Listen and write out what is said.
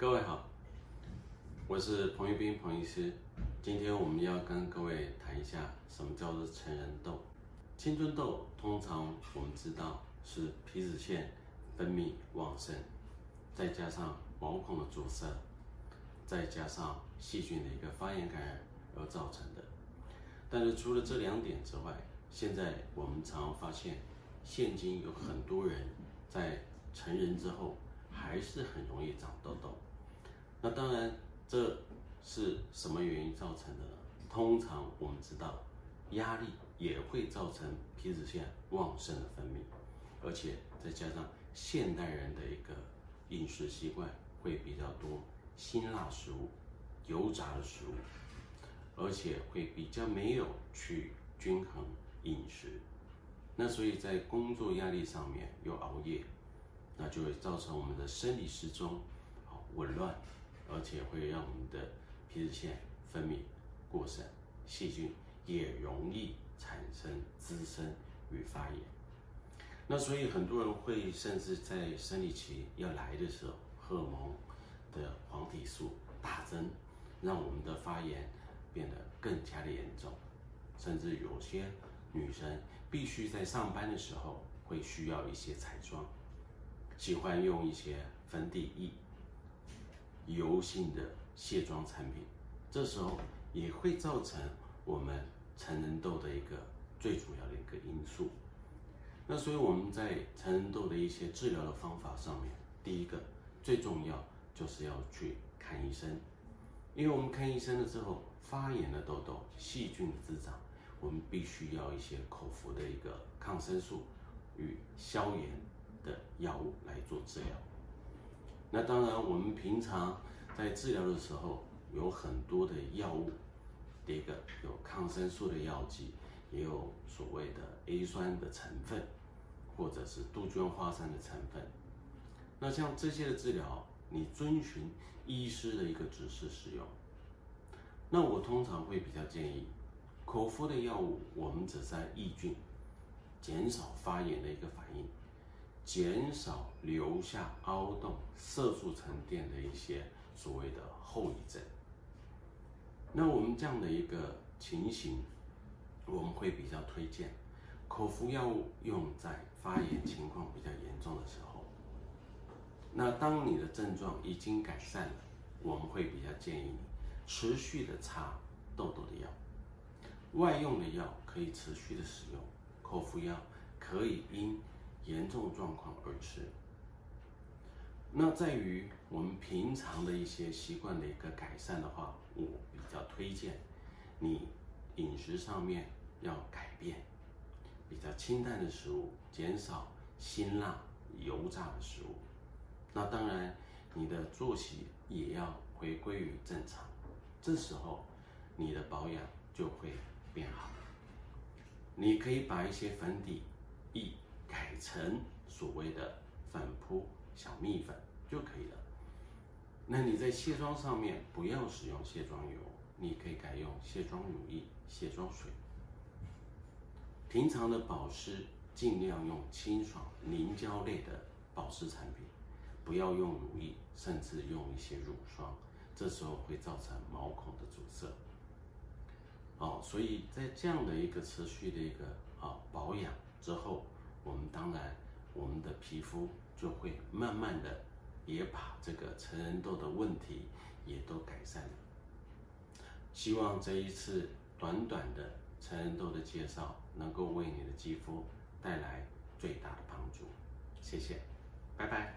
各位好，我是彭玉斌，彭醫師。今天我們要跟各位談一下什麼叫做成人痘。青春痘通常我們知道是皮脂腺分泌旺盛，再加上毛孔的阻塞，再加上細菌的一個發炎感染而造成的。但是除了這兩點之外，現在我們常常發現，現今有很多人在成人之後還是很容易長痘痘。那當然，這是什麼原因造成的呢？通常我們知道，壓力也會造成皮脂腺旺盛的分泌，而且再加上現代人的一個飲食習慣會比較多辛辣食物、油炸的食物，而且會比較沒有去均衡飲食。那所以在工作壓力上面又熬夜，那就會造成我們的生理時鐘好紊亂。而且會讓我們的皮脂腺分泌過剩，細菌也容易產生滋生與發炎。那所以很多人會甚至在生理期要來的時候，荷爾蒙的黃體素大增，讓我們的發炎變得更加的嚴重，甚至有些女生必須在上班的時候會需要一些彩妝，喜歡用一些粉底液。油性的卸妝產品，這時候也會造成我們成人痘的一個最主要的一個因素。那所以我們在成人痘的一些治療的方法上面，第一個最重要就是要去看醫生，因為我們看醫生了之後，發炎的痘痘、細菌的滋長，我們必須要一些口服的一個抗生素與消炎的藥物來做治療。那當然，我們平常在治療的時候有很多的藥物，第一個有抗生素的藥劑，也有所謂的 A 酸的成分，或者是杜鵑花酸的成分。那像這些的治療，你遵循醫師的一個指示使用。那我通常會比較建議，口服的藥物我們只在抑菌、減少發炎的一個反應，減少留下凹洞、色素沉澱的一些所謂的後遺症。那我們這樣的一個情形，我們會比較推薦口服藥物用在發炎情況比較嚴重的時候。那當你的症狀已經改善了，我們會比較建議你持續的擦痘痘的藥，外用的藥可以持續的使用，口服藥可以因。嚴重狀況而吃，那在於，我們平常的一些習慣的一個改善的話，我比較推薦你飲食上面要改變，比較清淡的食物，減少辛辣、油炸的食物。那當然，你的作息也要回歸於正常，這時候你的保養就會變好。你可以把一些粉底，成所謂的粉撲小蜜粉就可以了。那你在卸妝上面不要使用卸妝油，你可以改用卸妝乳液、卸妝水。平常的保濕盡量用清爽凝膠類的保濕產品，不要用乳液，甚至用一些乳霜，這時候會造成毛孔的阻塞。哦，所以在這樣的一個持續的一個啊保養之後。我們當然，我們的皮膚就會慢慢的，也把這個成人痘的問題也都改善了。希望這一次短短的成人痘的介紹，能夠為你的肌膚帶來最大的幫助。謝謝，拜拜。